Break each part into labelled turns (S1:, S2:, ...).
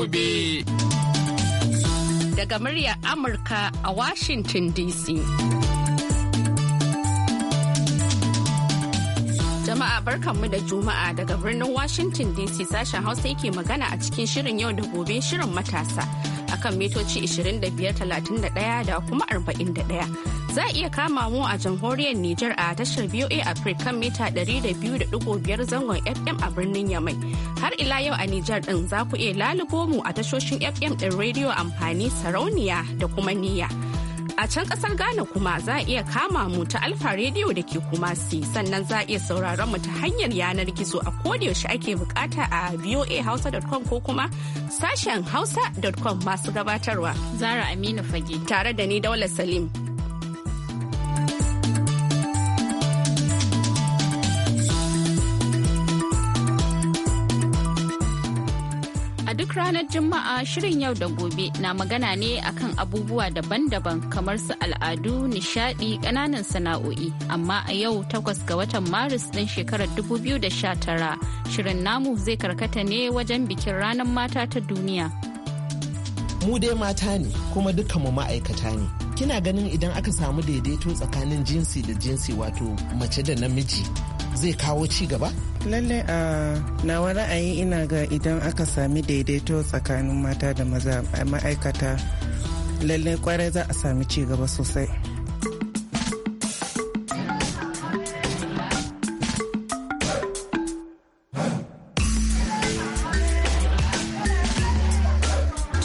S1: gobe.
S2: Daga muryar Amurka a Washington DC. Jama'a barkanmu da Juma'a daga birnin Washington DC sashen Hausa yake magana a cikin shirin yau da gobe shirin matasa akan mitoci 25, 31 da kuma 41. Za a iya kama mu a jamhuriyar Nijar a tashar VOA Africa kan mita 200.5 zangon FM a birnin Yamai. Har ila yau a Nijar ɗin za ku iya lalubo mu a tashoshin FM ɗin rediyo amfani sarauniya da kuma niyya. a can ƙasar Ghana kuma za a iya kama mu ta Alfa Radio da ke Kumasi sannan za a iya sauraron mu ta hanyar yanar gizo a yaushe ake bukata a voahausa.com ko kuma sashen hausa.com masu gabatarwa. Zara Aminu Fage. Tare da ni Daula Salim. duk ranar Juma'a shirin yau da gobe na magana ne akan abubuwa daban-daban kamar su al'adu, nishadi, kananan sana'o'i. Amma a yau takwas ga watan Maris ɗin shekarar 2019 shirin namu zai karkata ne wajen bikin ranar mata ta duniya.
S3: Mu dai mata ne kuma dukkanmu ma'aikata ne. Kina ganin idan aka samu daidaito tsakanin jinsi da jinsi wato mace da namiji zai kawo ci gaba?
S4: lalle a nawa ra'ayi ina ga idan aka sami daidaito tsakanin mata da maza a ma'aikata lalle kwarai za a sami ci gaba sosai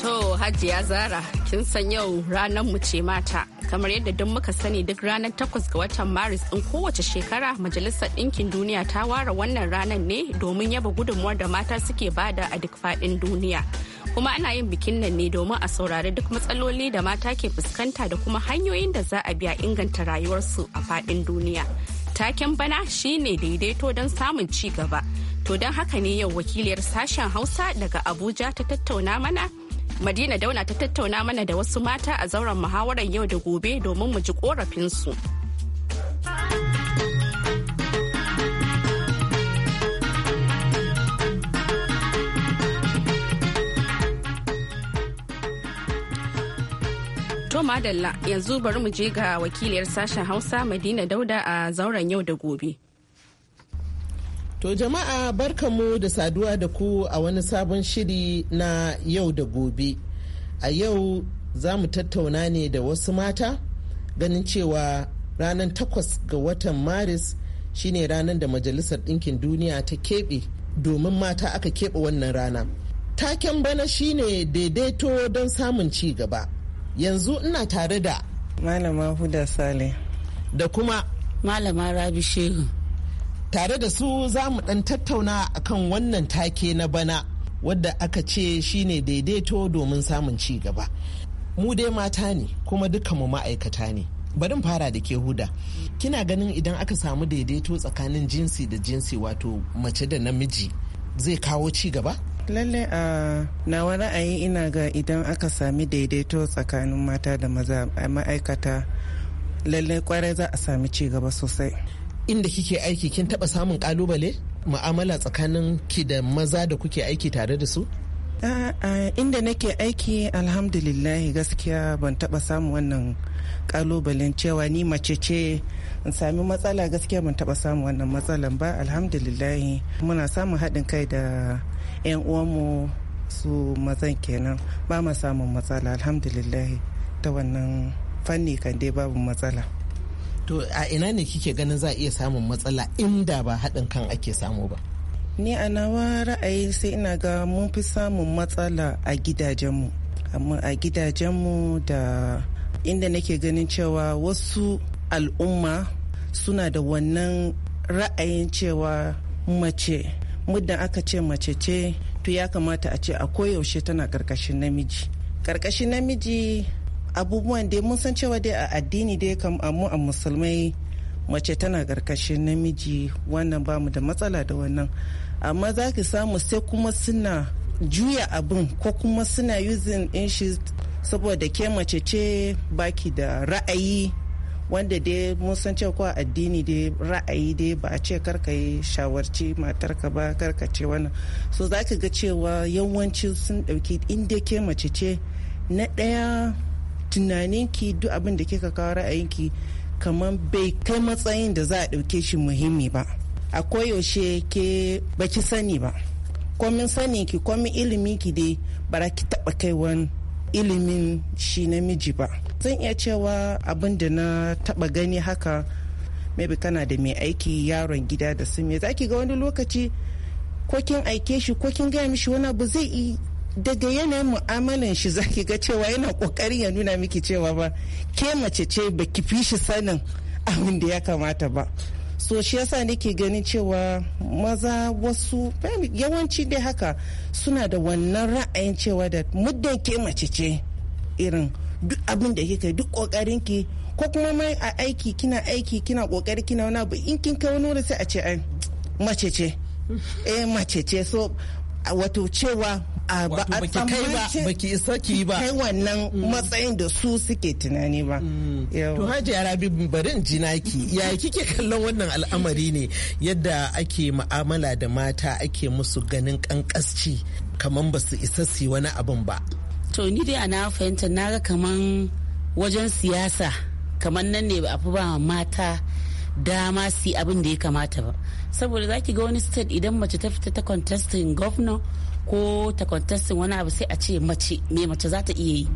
S2: to hajiya zara kin san yau ranar mu ce mata kamar yadda duk muka sani duk ranar takwas ga watan maris in kowace shekara majalisar ɗinkin duniya ta ware wannan ranar ne domin yaba gudunmuwar da mata suke bada a duk faɗin duniya kuma ana yin bikin nan ne domin a saurari duk matsaloli da mata ke fuskanta da kuma hanyoyin da za a biya inganta rayuwarsu a faɗin duniya taken bana shine daidaito don samun ci gaba to don haka ne yau wakiliyar sashen hausa daga abuja ta tattauna mana Madina Dauna ta tattauna mana da wasu mata a zauren muhawarar yau da gobe domin mu ji korafinsu. To madalla yanzu bari mu je ga wakiliyar sashen Hausa Madina Dauda a zauren yau da gobe.
S3: To jama'a barkamu da saduwa da ku a wani sabon shiri na yau da gobe. A yau za mu tattauna ne da wasu mata ganin cewa ranar takwas ga watan Maris shine ranar da Majalisar Ɗinkin Duniya ta keɓe domin mata aka keɓe wannan rana. Taken bana shine daidaito don samun ci gaba. Yanzu ina tare da Malama Huda Sale da kuma Malama Rabi Shehu. tare da su za mu ɗan tattauna akan wannan take na bana wadda aka ce shine daidaito domin samun ci gaba mu dai mata ne kuma duka mu ma'aikata ne barin fara da ke huda kina ganin idan aka samu daidaito tsakanin jinsi da jinsi wato mace da namiji zai kawo ci gaba lalle a
S4: nawa ra'ayi ina ga idan aka sami daidaito tsakanin mata da maza a
S3: ma'aikata lalle kwarai za a sami ci gaba sosai inda kike aiki kin taba samun kalubale ma'amala tsakanin ki da maza da kuke aiki tare da su inda nake aiki alhamdulillahi gaskiya ban taba samun wannan
S4: kalubalen cewa ni mace ce in sami matsala gaskiya ban taba samun wannan matsalan ba alhamdulillahi muna samun haɗin kai da 'yan uwanmu su mazan kenan ba ma samun matsala alhamdulillahi ta wannan fanni kan dai babu matsala
S3: to a ina ne kike ganin za a iya samun matsala inda ba haɗin kan ake samu ba
S4: ni a nawa ra'ayi sai ina ga mun fi samun matsala a gidajenmu amma a gidajenmu da inda nake ganin cewa wasu al'umma suna da wannan ra'ayin cewa mace muddin aka ce mace ce to ya kamata a ce a koyaushe tana karkashin namiji karkashin namiji abubuwan dai mun san cewa dai a addini dai kam mu a musulmai mace tana karkashin namiji wannan ba mu da matsala da wannan amma za ki samu sai kuma suna juya abin ko kuma suna using in shi saboda ke mace ce baki da ra'ayi wanda dai mun san cewa addini dai ra'ayi dai ba a ce karka yi shawarci matarka ba karka ce wannan so za ga cewa yawanci sun dauki inda ke mace ce na ɗaya tunaninki duk abin da kika kawo ra'ayinki kamar bai kai matsayin da za a ɗauke shi muhimmi ba a koyaushe ke baki sani ba komin sani ki komin ilimi ki dai bara ki taɓa wani ilimin shi namiji ba zan iya cewa abin da na taɓa gani haka maybe kana da mai aiki yaron gida da su me zaki ga wani lokaci ko kin aike shi ko kin gaya mishi wani abu zai daga yanayin mu'amalan shi zaki ga cewa yana kokarin ya nuna miki cewa ba ke mace ce baki fi shi sanin abin da ya kamata ba so shi yasa nake ganin cewa maza wasu yawanci dai haka suna da wannan ra'ayin cewa da muddin ke mace ce irin duk abin da kika duk kokarin ki ko kuma mai a aiki kina aiki kina kokari kina wani abu in kin kai wani sai a ce ai mace ce eh mace ce so wato cewa A ba a tsammaci ba ki isa ki ba kai wannan mm. matsayin da su suke tunani ba mm. to haji
S3: arabi bari in ji naki ya kike kallon wannan al'amari ne yadda ake mu'amala da mata ake musu ganin kankasci kaman ba su isa su wani abin ba
S5: to ni dai ana fahimta na kaman wajen siyasa kaman nan ne ba a fi ba mata dama si abin da ya kamata ba saboda zaki ga wani state idan mace ta fita ta contesting governor ko ta contesting wani abu sai a ce mace me mace za ta iya yi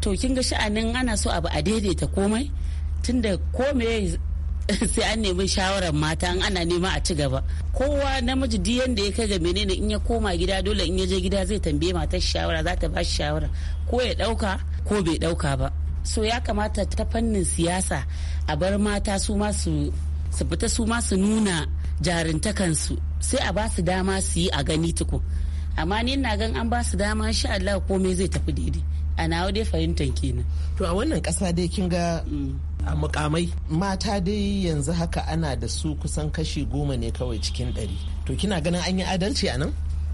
S5: to kin ga sha'anin ana so abu a daidaita komai tunda me sai an nemi shawarar mata an ana nema a ci gaba kowa namiji duk yanda ya kai ga menene in ya koma gida dole in ya je gida zai tambaye matar shawara za ta ba shi shawara ko ya dauka ko bai dauka ba so ya kamata ta fannin siyasa a bar mata su masu su fita su masu su nuna jarintakansu sai a ba su dama su yi a gani tuku amma ni na gan an
S3: ba su dama shi Allah komai zai tafi daidai a nawa dai fahimtar kenan to a wannan kasa dai kin ga mm. a mukamai mata dai yanzu haka ana da su kusan kashi goma ne kawai cikin ɗari to kina ganin an yi adalci a nan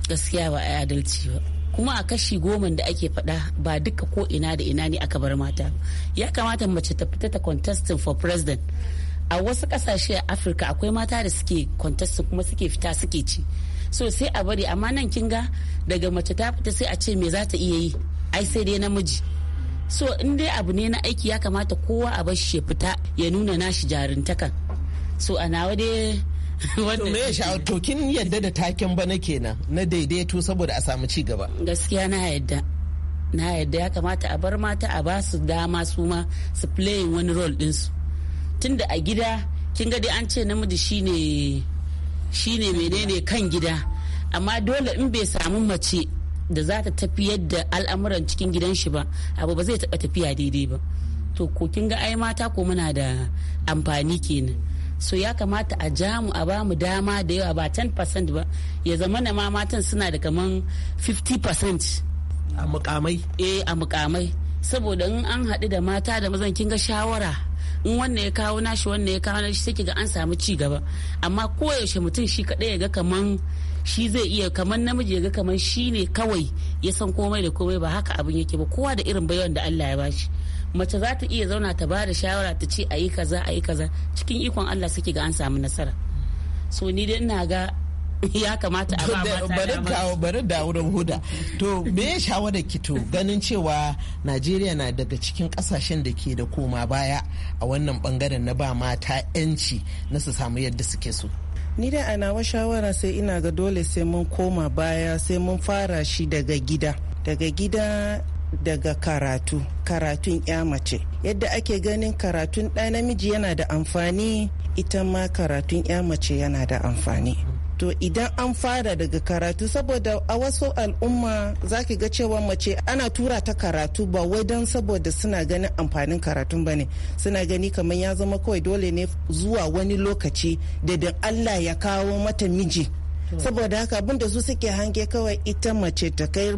S3: gaskiya ba a yi adalci ba
S5: kuma a kashi goma da ake faɗa ba duka ko ina da ina ne aka bar mata ya kamata mace ta fita ta contesting for president a wasu kasashe a afirka akwai mata da suke contesting kuma suke fita suke ci so sai a bari amma nan kin ga daga mace ta fita sai a ce me za ta iya yi ai sai dai namiji so in dai abu ne na aiki ya kamata
S3: kowa a bar shi ya fita ya nuna nashi jaruntaka so a nawa dai me ya to kin yadda da taken bana kenan na daidaito saboda a samu ci
S5: gaskiya na yadda na yadda ya kamata a bar mata a basu dama su ma su play wani role dinsu tunda a gida kin ga dai an ce namiji shine shine menene kan gida amma dole in bai samu mace da za ta yadda yadda al'amuran cikin gidan shi ba abu ba zai taba tafiya daidai ba to ko kin ga ai mata ko muna da amfani kenan so ya kamata a ja mu a bamu dama da yawa ba 10% ba ya zama na ma matan suna da kaman 50% a mukamai eh a mukamai saboda in an haɗu da mata da mazan kinga shawara in wannan ya kawo nashi wannan ya kawo nashi sai ga an samu ci gaba amma koyaushe mutum shi kaɗai ya ga kaman shi zai iya kaman namiji ya ga kaman shi ne kawai ya san komai da komai ba haka abin yake ba kowa da irin baiwan da Allah ya bashi mace za ta iya zauna ta ba da shawara ta ce a yi kaza a yi kaza cikin ikon Allah suke ga an samu nasara so ni dai ina ga
S3: ya kamata a ba bari da wurin huda to me shawara ki to ganin cewa najeriya na daga cikin kasashen da ke da koma baya a wannan bangaren na ba mata yanci na su samu yadda suke so
S4: ni da nawa shawara sai ina ga dole sai mun koma baya sai mun fara shi daga gida daga gida daga karatu karatun ya mace yadda ake ganin karatun ɗa namiji yana da amfani ita ma karatun ya mace yana da amfani to idan an fara daga karatu saboda a wasu al'umma za ga cewa mace ana tura ta karatu ba wai don saboda suna ganin amfanin karatun ba ne suna gani kamar ya zama kawai dole ne zuwa wani lokaci da da allah ya kawo mata miji Hmm. saboda haka abinda su suke hange kawai ita mace ta kai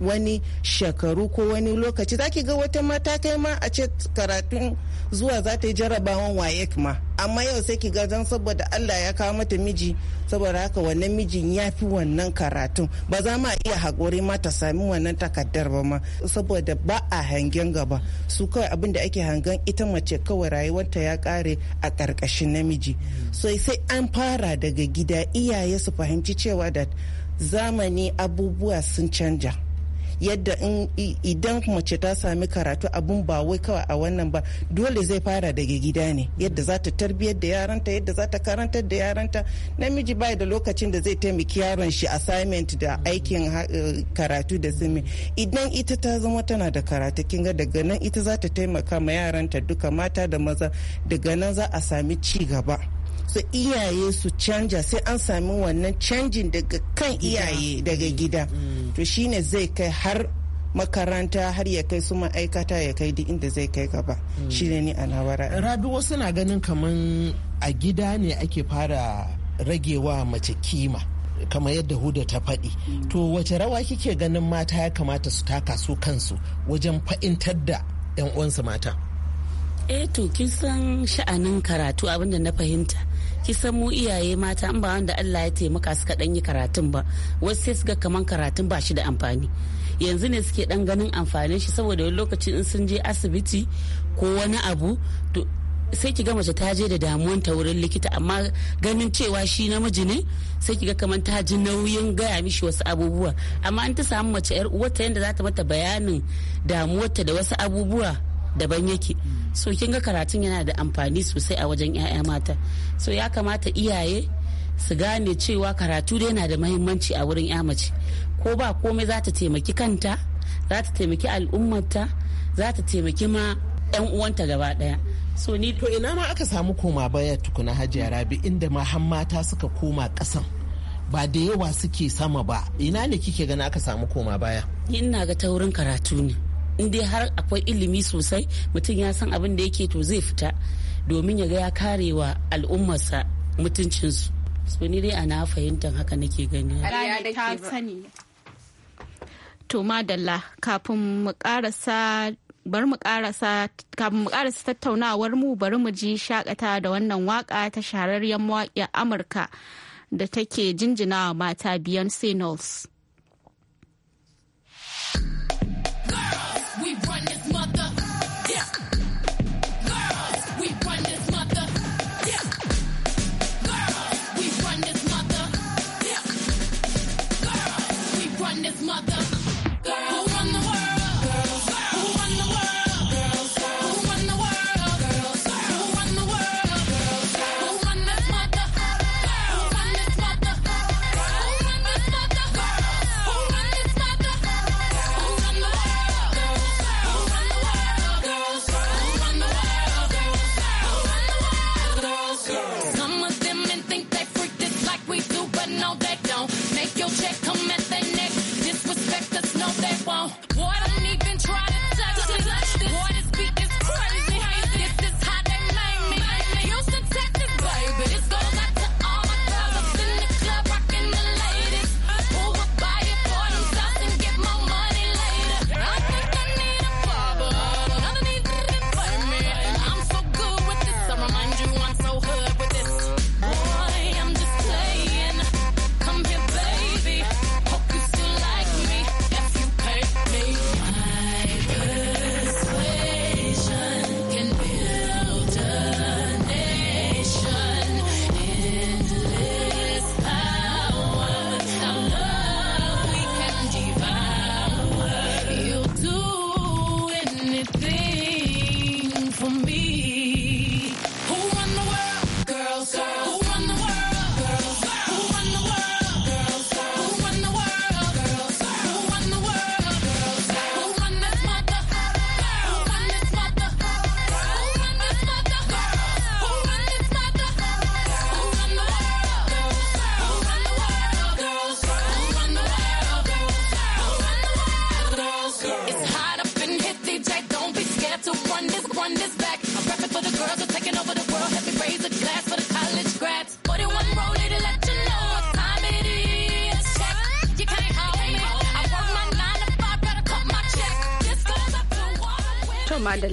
S4: wani shekaru ko wani lokaci zaki ga wata mata kai ma a ce karatun zuwa za ta yi jarabawan waye ma amma yau sai ki ga dan saboda Allah ya kawo mata miji saboda haka wannan mijin ya fi wannan karatun ba za ma iya haƙuri ma ta sami wannan takardar ba ma saboda ba a hangen gaba su kawai abin da ake hangen ita mace kawai rayuwarta ya kare a ƙarƙashin namiji hmm. sai sai an fara daga gida iyaye su fahimci cewa da zamani abubuwa sun canja yadda idan mace ta sami karatu abun ba wai kawai a wannan ba dole zai fara daga gida ne yadda za ta tarbiyyar da yaranta yadda za ta karantar da yaranta namiji bai da lokacin da zai taimaki yaron shi assignment da aikin eh, karatu da simi idan ita ta zama tana da karatu kin daga nan ita za ta taimaka ma yaranta duka mata da maza daga nan za a sami ci gaba su iyaye su canja sai an sami wannan canjin daga kan iyaye daga mm. gida mm. to shine zai kai har makaranta har ya kai su ma'aikata ya kai duk inda zai kai gaba mm.
S3: shine ni a nawara rabi wasu na ganin kaman a gida ne ake fara ragewa mace kima kamar yadda huda ta faɗi to wace rawa kike ganin mata ya kamata su taka su kansu wajen fa'intar da 'yan uwansu mata
S5: eh to kin san sha'anin karatu abinda na fahimta kisan mu iyaye mata in ba wanda Allah ya taimaka suka dan yi karatun ba wasu sai suka kaman karatun ba shi da amfani yanzu ne suke dan ganin amfanin shi saboda wani lokaci in sun je asibiti ko wani abu to sai ga mace ta je da damuwan ta wurin likita amma ganin cewa shi namiji ne sai ga kaman ta ji nauyin gaya mishi wasu abubuwa amma in ta samu mace yar uwarta yadda za ta mata bayanin damuwarta da wasu abubuwa daban yake so kin ga karatun yana da amfani sosai a wajen 'ya'ya mata so ya kamata iyaye su gane cewa karatu dai yana da mahimmanci a wurin 'ya mace ko ba komai za ta taimaki kanta za ta taimaki al'ummarta za ta taimaki ma 'yan uwanta
S3: gaba daya so ni to ina ma aka samu koma baya tukuna hajiya rabi inda ma har mata suka koma kasan ba da yawa suke sama ba ina ne kike gani aka samu koma
S5: baya ina ga taurin karatu ne in dai har akwai ilimi sosai mutum ya san abin da yake to zai fita domin ya ga ya karewa al'ummarsa mutuncinsu su ni dai ana fahimtar haka nake gani
S2: to madalla kafin mu bar mu karasa kafin mu karasa tattaunawar mu bari mu ji shakata da wannan waka ta shahararren mawaƙiyar amurka da take jinjina mata beyonce knowles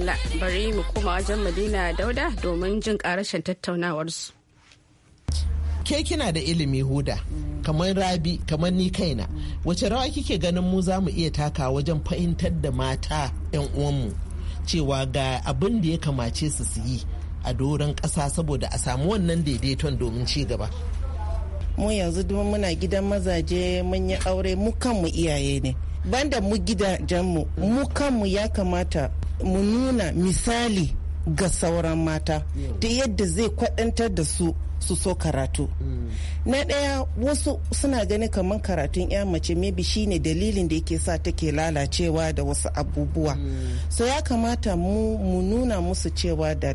S2: Adila bari mu koma wajen Madina Dauda domin jin karashin tattaunawarsu.
S3: Ke kina da ilimi huda, kamar rabi, kamar ni kaina, wace rawa kike ganin mu za mu iya taka wajen fahimtar da mata 'yan uwanmu cewa ga abin da ya kamace su su yi a doron ƙasa saboda a samu wannan daidaiton domin ci gaba.
S4: mu yanzu duk muna gidan mazaje mun yi aure mu kanmu iyaye ne banda mu gidajenmu mu kanmu ya kamata mu nuna misali ga sauran mata da yadda zai kwadantar da su su so karatu mm. na ɗaya wasu suna ganin kamar karatun ya mace maybe shine dalilin da yake sa take lalacewa da wasu abubuwa mm. so ya kamata mu nuna musu cewa da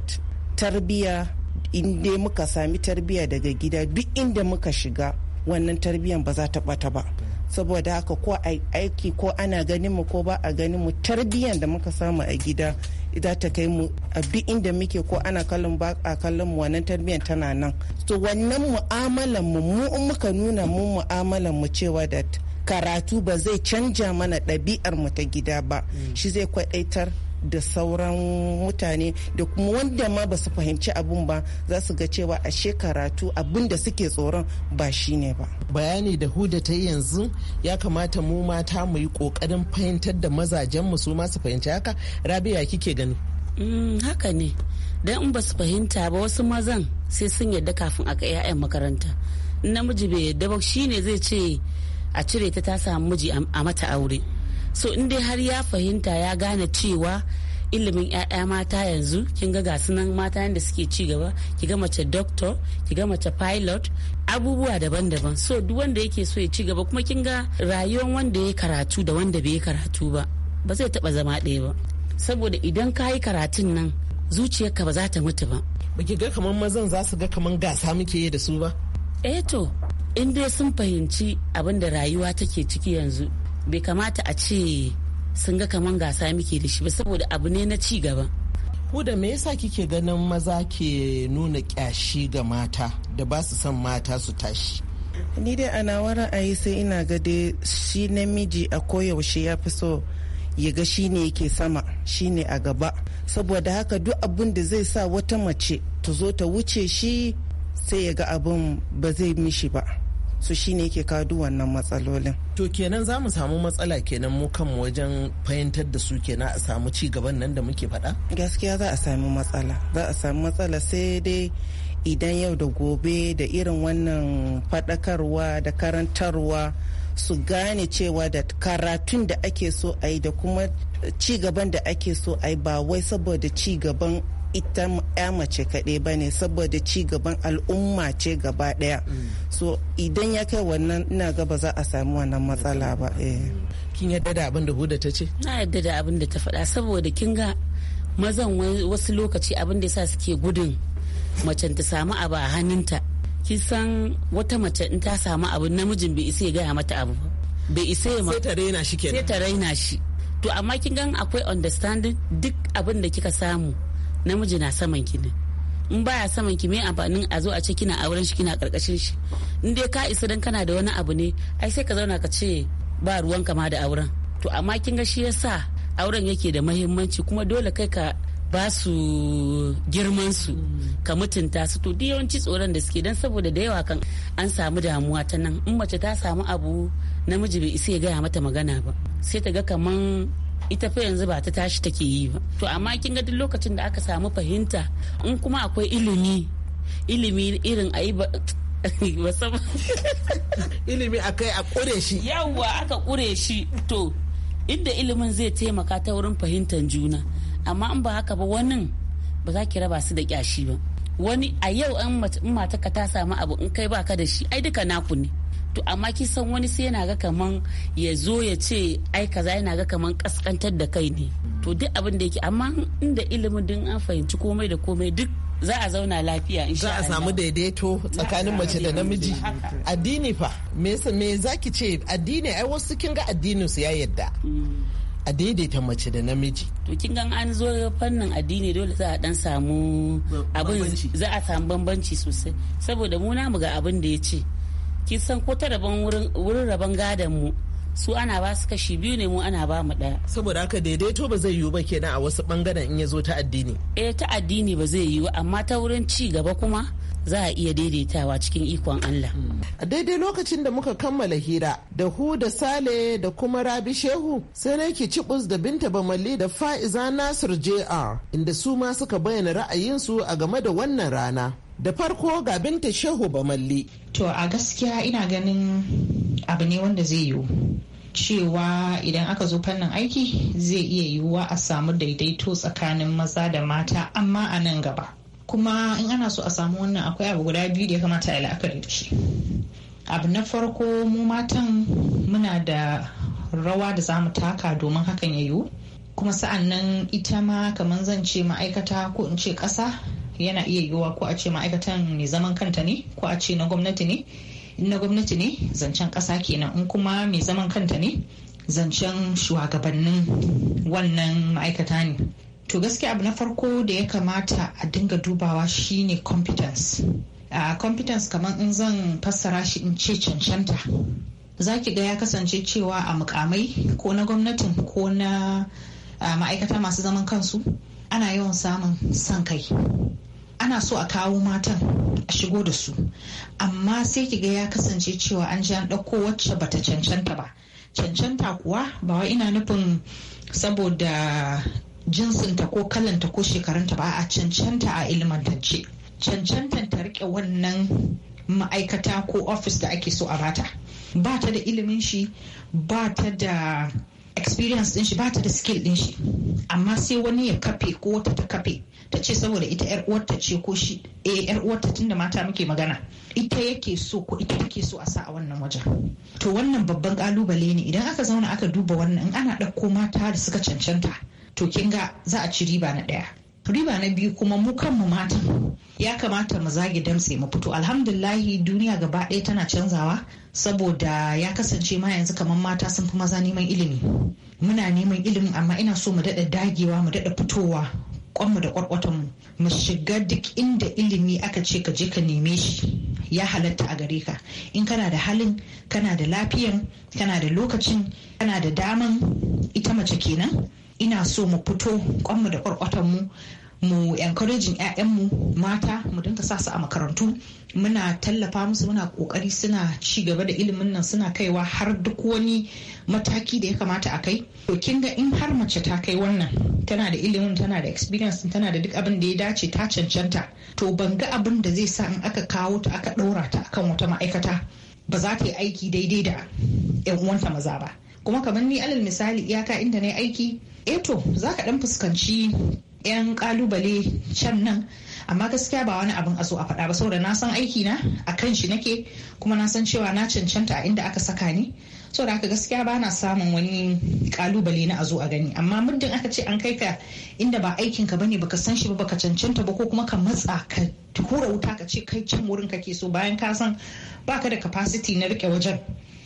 S4: tarbiya inda muka sami tarbiya daga gida duk inda muka shiga wannan tarbiyan ba za ta ɓata ba saboda haka ko aiki ko ana ganin mu ko ba a ganin mu tarbiyyar da muka samu a gida idan ta kai mu a duk inda muke ko ana kallon ba a kallon mu wannan tarbiyyar tana nan to wannan mu'amalar mu mu muka nuna mu mu'amalar mu cewa da karatu ba zai canja mana ɗabi'ar mu ta gida ba mm. shi zai kwaɗaitar da sauran mutane da kuma wanda ma ba su fahimci abun ba za su ga cewa ashe karatu abin da suke tsoron
S3: ba shine ba bayani da huda ta yi yanzu ya kamata mu mata mu yi kokarin fahimtar da mazajen mu su ma su fahimci haka rabia kike gani mm, haka
S5: ne dan in ba su fahimta ba wasu mazan sai sun yadda kafin a ga 'ya'yan makaranta namiji bai yadda ba shine zai ce a cire ta ta samu miji a mata aure so in dai har ya fahimta ya gane cewa ilimin 'ya'ya mata yanzu kin ga gasu nan mata yadda suke ci gaba ki ga mace doctor ki ga mace pilot abubuwa daban-daban so duk wanda yake so ya ci gaba kuma kin ga rayuwar wanda ya karatu da wanda bai karatu ba ba zai taba zama ɗaya ba saboda idan ka yi karatun nan zuciyarka ba za ta mutu ba baki ga kamar mazan za su ga kamar gasa muke yi da su ba eh to in dai sun fahimci abin da rayuwa take ciki yanzu bai kamata a ce sun ga kaman gasa
S3: muke da shi ba saboda abu ne na ci gaba ku da me yasa kike ganin maza ke nuna kyashi ga mata da ba su son mata su tashi ni dai ana a ra'ayi sai ina ga dai shi namiji a koyaushe
S4: ya fi so ya ga shi ne yake sama shi ne a gaba saboda haka duk abin da zai sa wata mace ta zo ta wuce shi sai ya ga abin ba zai mishi ba su shine yake kawo wannan matsalolin
S3: to kenan za mu samu matsala kenan mu kanmu wajen fahimtar da su kenan a samu ci gaban nan da muke faɗa
S4: gaskiya za a samu matsala za a samu matsala sai dai idan yau da gobe da irin wannan faɗakarwa da karantarwa su gane cewa da karatun da ake so a yi da kuma ci gaban da ake so ai ba wai saboda ci gaban ita ya mace kaɗai ba ne saboda ci gaban al'umma ce gaba ɗaya so idan ya kai wannan ina gaba za a samu wannan matsala ba eh.
S5: kin yadda da abin da huda ta ce na yadda da abin da ta faɗa saboda kin ga mazan wasu lokaci abin da yasa suke gudun macen ta samu abu a hannunta kisan san wata mace in ta samu abu namijin bai isa ya gaya mata abu bai isa ya sai ta raina shi kenan sai ta raina shi to amma kin gan akwai understanding duk abin da kika samu namiji na saman ki ne in baya saman ki me amfanin a zo a ce kina auren shi kina karkashin shi in dai ka isa dan kana da wani abu ne ai sai ka zauna ka ce ba ruwan kama da auren to amma kin ga shi yasa auren yake da muhimmanci kuma dole kai ka ba su girman su ka mutunta su to yawanci tsoron da suke dan saboda da yawa kan an samu damuwa ta nan in mace ta samu abu namiji bai isa ya gaya mata magana ba sai ta ga kaman ita fa yanzu ba ta tashi take yi ba to amma kin ga duk lokacin da aka samu fahimta in kuma akwai ilimi ilimi irin a yi musamman ilimi kai a kure shi yawwa aka kure shi to inda ilimin zai taimaka ta wurin fahimtar juna amma in ba haka ba wani ba za ki raba su da kyashi ba wani a yau an mataka ta samu abu in kai baka da shi ai duka naku ne to amma ki san wani sai yana ga kaman ya zo ya ce ai kaza yana ga kaman kaskantar da kai ne to duk abin da yake amma inda ilimin din an fahimci
S3: komai da komai duk za a zauna lafiya insha Allah. Za a samu daidaito tsakanin mace da namiji. Addini fa me me zaki ce addini ai wasu kin ga addinin su ya yadda. Mm. a daidaita mace da namiji
S5: to kin gan an zo fannin addini dole za a dan samu abin za a samu bambanci sosai saboda mu namu ga abin da ya ce kin san ko ta rabon wurin rabon gadon mu su ana ba su kashi biyu ne mu ana ba mu daya saboda haka daidaito ba zai yiwu ba kenan a wasu bangaren in ya zo ta addini eh ta addini ba zai yiwu amma ta wurin ci gaba kuma za a iya daidaitawa cikin ikon Allah.
S3: A daidai lokacin da muka kammala hira da hu da sale da kuma rabi shehu sai na ke cibus da binta bamalli da fa'iza nasir jr inda su ma suka bayyana ra'ayinsu a game da wannan rana. Da farko ga binta shehu bamalli. To a
S6: gaskiya ina ganin abu ne wanda zai yiwu. cewa idan aka zo fannin aiki zai iya yiwuwa a samu daidaito tsakanin maza da mata amma a nan gaba kuma in ana so a samu wannan akwai abu guda biyu da ya kamata a yi la'akari da shi abu na farko mu matan muna da rawa da za mu taka domin hakan ya yiwu kuma sa'annan ita ma kamar zan ce ma'aikata ko in ce ƙasa yana iya yiwuwa ko a ce ma'aikatan mai zaman kanta ne ko a ce na gwamnati ne in na gwamnati ne zancen ƙasa kenan in kuma mai zaman kanta ne zancen shugabannin wannan ma'aikata ne to gaske abu na farko da ya kamata a dinga dubawa shine competence a competence kamar in zan fassara shi in ce cancanta za ki ga ya kasance cewa a mukamai ko na gwamnatin ko na ma'aikata masu zaman kansu ana yawan samun son kai ana so a kawo matan a shigo da su amma sai ki ga ya kasance cewa an ji an ɗauko wacce bata cancanta ba cancanta kuwa ba ina nufin saboda jinsinta ko kalanta ko shekarunta ba a cancanta a ilimantance cancantan ta rike wannan ma'aikata ko ofis da ake so a bata ba ta da ilimin shi ba ta da experience din shi ba ta da skill din shi amma sai wani ya kafe ko wata ta kafe ta ce saboda ita yar uwarta ce ko shi eh yar uwarta tunda mata muke magana ita yake so ko ita take so a sa a wannan wajen to wannan babban kalubale ne idan aka zauna aka duba wannan in ana dauko mata da suka cancanta to kin ga za a ci riba na ɗaya riba na biyu kuma mu kanmu matan ya kamata mu zage damtse mu fito alhamdulillahi duniya gaba ɗaya tana canzawa saboda ya kasance ma yanzu kamar mata sun fi maza neman ilimi muna neman ilimi amma ina so mu daɗa dagewa mu daɗa fitowa kwanmu da kwarkwatanmu mu shiga duk inda ilimi aka ce ka je ka neme shi ya halatta a gare ka in kana da halin kana da lafiyan kana da lokacin kana da daman ita mace kenan ina so mu fito kwanmu da kwarkwatanmu mu encouraging 'ya'yanmu mata mu dinka sa su a makarantu muna tallafa musu muna kokari suna ci gaba da ilimin nan suna kaiwa har duk wani mataki da ya kamata a kai to kin ga in har mace ta kai wannan tana da ilimin tana da experience tana da duk abin da ya dace ta cancanta to ban ga abin da zai sa in aka kawo ta aka ɗora ta akan wata ma'aikata ba za ta yi aiki daidai da 'yan uwanta maza ba kuma kamar ni alal misali iyaka inda na yi aiki eto eh za ka dan fuskanci 'yan kalubale can nan amma gaskiya ba wani abin azo a faɗa ba saboda na san aiki na a kan shi nake kuma na san cewa na cancanta a inda aka saka ni saboda haka gaskiya ba na samun wani kalubale na azo a gani amma muddin aka ce an kai ka inda ba aikin ka bane baka san shi ba baka cancanta ba ko kuma ka matsa ka hura wuta ka ce kai can wurin kake so bayan ka san baka da capacity na rike wajen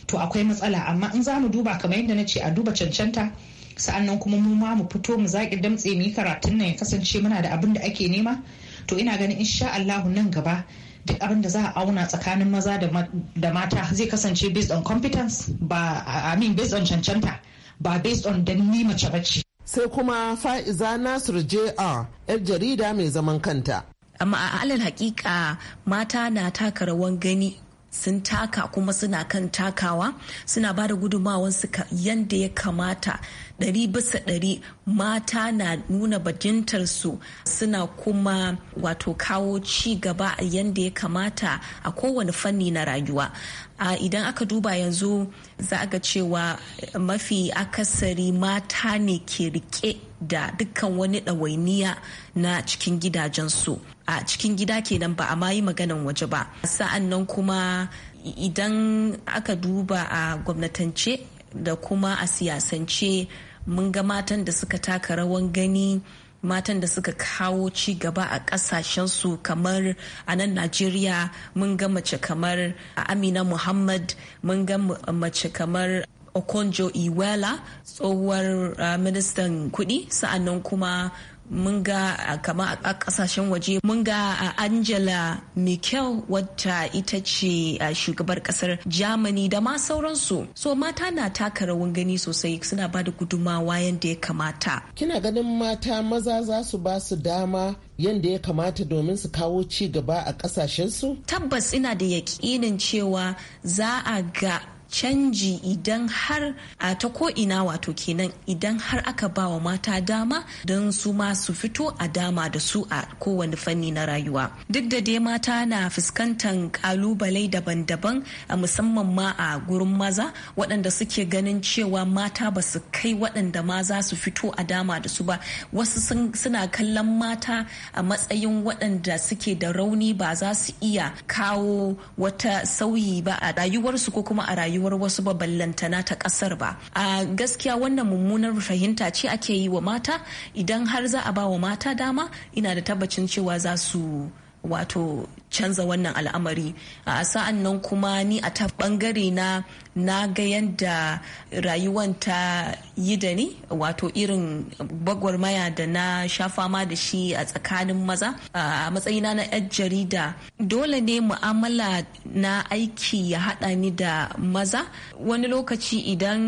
S6: to akwai matsala amma in za mu duba kamar yadda na ce a duba cancanta sa'annan kuma mu ma mu fito mu zaƙi damtse mu yi karatun nan ya kasance muna da abin da ake nema to ina ganin insha Allahu nan gaba duk abin da za a auna tsakanin maza da mata zai kasance based on competence ba I mean based on cancanta ba based on da ni mace bace
S3: sai kuma fa'iza nasir jr yar jarida mai zaman kanta amma a alal hakika mata na taka rawan gani sun
S7: taka kuma suna kan takawa suna ba da gudunmawansu yadda ya kamata ɗari bisa ɗari mata na nuna bajintarsu suna kuma wato kawo ci gaba yadda ya kamata a kowane fanni na rayuwa a idan aka duba yanzu za a ga cewa mafi akasari mata ne ke rike da dukkan wani ɗawainiya na cikin gidajensu a cikin gida kenan ba a ma yi maganan waje ba sa'an nan kuma idan aka duba a gwamnatance da kuma a siyasance mun ga matan da suka taka rawan gani matan da suka kawo ci gaba a kasashensu kamar a nan najeriya mun ga mace kamar amina muhammad mun ga mace kamar okonjo iwela tsohuwar ah, ministan kudi sa'annan kuma mun ga kama a kasashen waje mun ga angela merkel wata ita ce shugabar kasar germany da ma sauransu so mata na taka rawan gani sosai suna ba da
S3: gudumawa yadda ya kamata kina ganin mata maza za su ba su dama yadda ya kamata domin su kawo ci gaba a kasashensu tabbas ina da yakinin cewa
S7: za a ga canji idan har a ta ko'ina wato kenan idan har aka ba wa mata dama don su ma su fito a dama da su a kowane fanni na rayuwa duk da dai mata na fuskantar kalubale daban-daban a musamman ma a gurin maza waɗanda suke ganin cewa mata ba su kai waɗanda maza su fito a dama da su ba wasu suna kallon mata a matsayin waɗanda suke da rauni ba za su iya kawo wata sauyi ba a rayuwarsu ko kuma a rayuwa. rayuwar wasu ba ballantana ta kasar ba a gaskiya wannan mummunar fahimta ce ake yi wa mata idan har za a ba wa mata dama ina da tabbacin cewa za su wato canza wannan al'amari a sa'an nan kuma ni a ta bangare na na ga yadda rayuwan ta yi da ni wato irin gwagwarmaya da na sha fama da shi a tsakanin maza a matsayina na 'yan jarida dole ne mu'amala na aiki ya haɗa ni da maza wani lokaci idan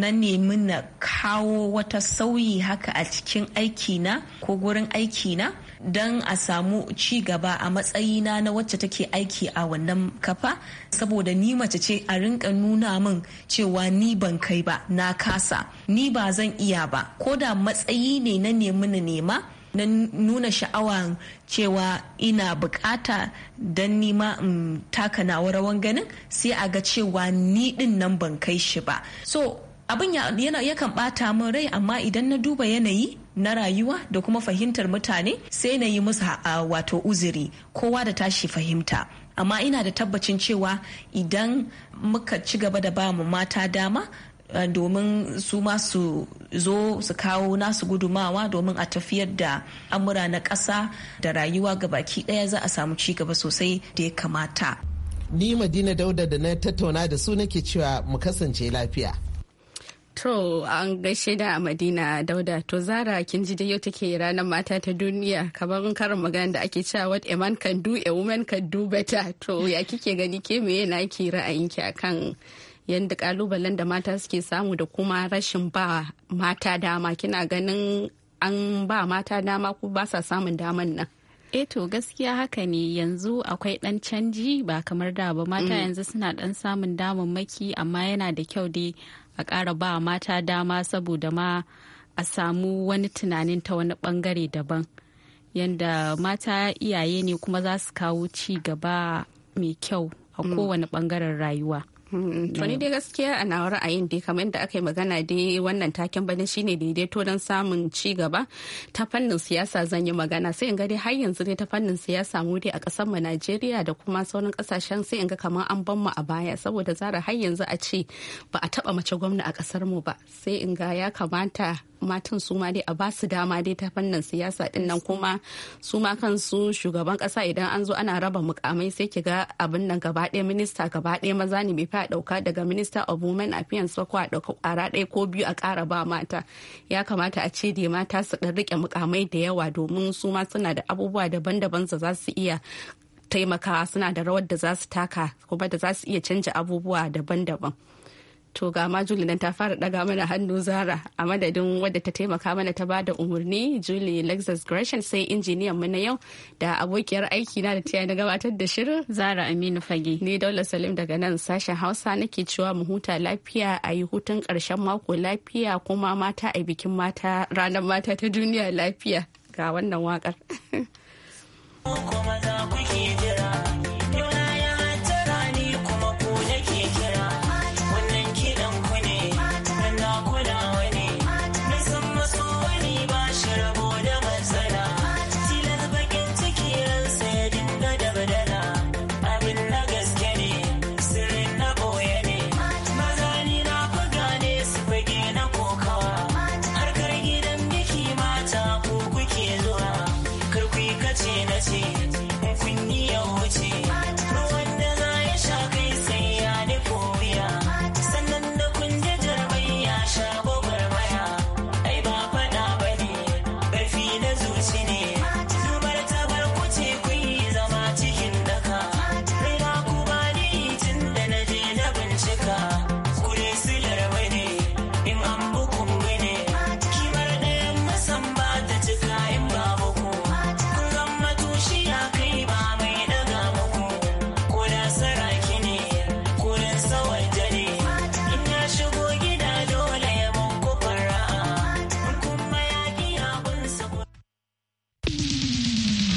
S7: na nemi na kawo wata sauyi haka a cikin aikina ko gurin aikina don a samu ci gaba a matsayina na wacce take aiki a wannan kafa saboda ni mace ce a rinka nuna min cewa ni ban kai ba na kasa ni ba zan iya ba ko da matsayi ne na nemi na nema na nuna sha'awa cewa ina bukata don nima in taka nawa rawan ganin sai a ga cewa ni din nan ban kai shi ba so abin yakan bata min rai amma idan na duba yanayi na rayuwa da kuma fahimtar mutane sai na yi musu wato uzuri kowa da tashi fahimta amma ina da tabbacin cewa idan muka ci gaba da ba mu mata dama domin su masu zo su kawo nasu gudumawa domin a tafiyar da amura na ƙasa
S3: da rayuwa ga baki ɗaya za a samu ci gaba sosai da ya kamata. Ni Madina Dauda da na tattauna da su nake cewa mu kasance lafiya.
S2: To an gaishe da a Madina Dauda to Zara kin ji yau take ranar mata ta duniya kamar karin magana da ake cewa what a man can do a woman can do better to ya kike gani ke me yana ki ra'ayinki akan yadda kalubalen da mata suke samu da kuma rashin ba mata dama kina ganin an ba mata dama ko ba sa samun daman nan e to gaskiya haka ne yanzu akwai dan canji ba kamar da ba mata mm. yanzu suna dan samun damammaki amma yana da kyau dai a ƙara ba mata dama saboda ma a samu wani tunanin ta wani ɓangare daban yadda mata iyaye ne kuma za su kawo ci gaba mai kyau a mm. kowane ɓangaren rayuwa. To ni dai gaskiya a nawa ra'ayin dai kamar yadda aka yi magana dai wannan taken bane shine daidaito don samun ci gaba ta fannin siyasa zan yi magana sai in ga dai har yanzu dai ta fannin siyasa mu dai a kasar mu Najeriya da kuma sauran kasashen sai in ga kamar an ban mu a baya saboda zara har yanzu a ce ba a taba mace gwamna a kasar mu ba sai in ga ya kamata matan su ma dai a basu dama dai ta fannin siyasa din kuma su ma kansu shugaban kasa idan an zo ana raba mukamai sai ki ga abin nan gaba ɗaya minista gaba ɗaya maza ne bai ka dauka daga minista of women affairs ba a dauka kwara ɗaya ko biyu a ƙara ba mata ya kamata a ce da mata su ɗan rike mukamai da yawa domin su ma suna da abubuwa daban-daban su za su iya taimakawa suna da rawar da za su taka kuma da za su iya canja abubuwa daban-daban. to ga ma Julie nan ta fara daga mana hannu zara a madadin wadda ta taimaka mana ta bada umarni Julie Lexus Gresham sai injiniyan mu na yau da abokiyar aiki na da tiya na gabatar da shirin Zara Aminu Fage ne Daula Salim daga nan sashen Hausa nake cewa mu huta lafiya a yi hutun karshen mako lafiya kuma mata a bikin mata ranar mata ta duniya lafiya ga wannan wakar.
S1: Kuma za ku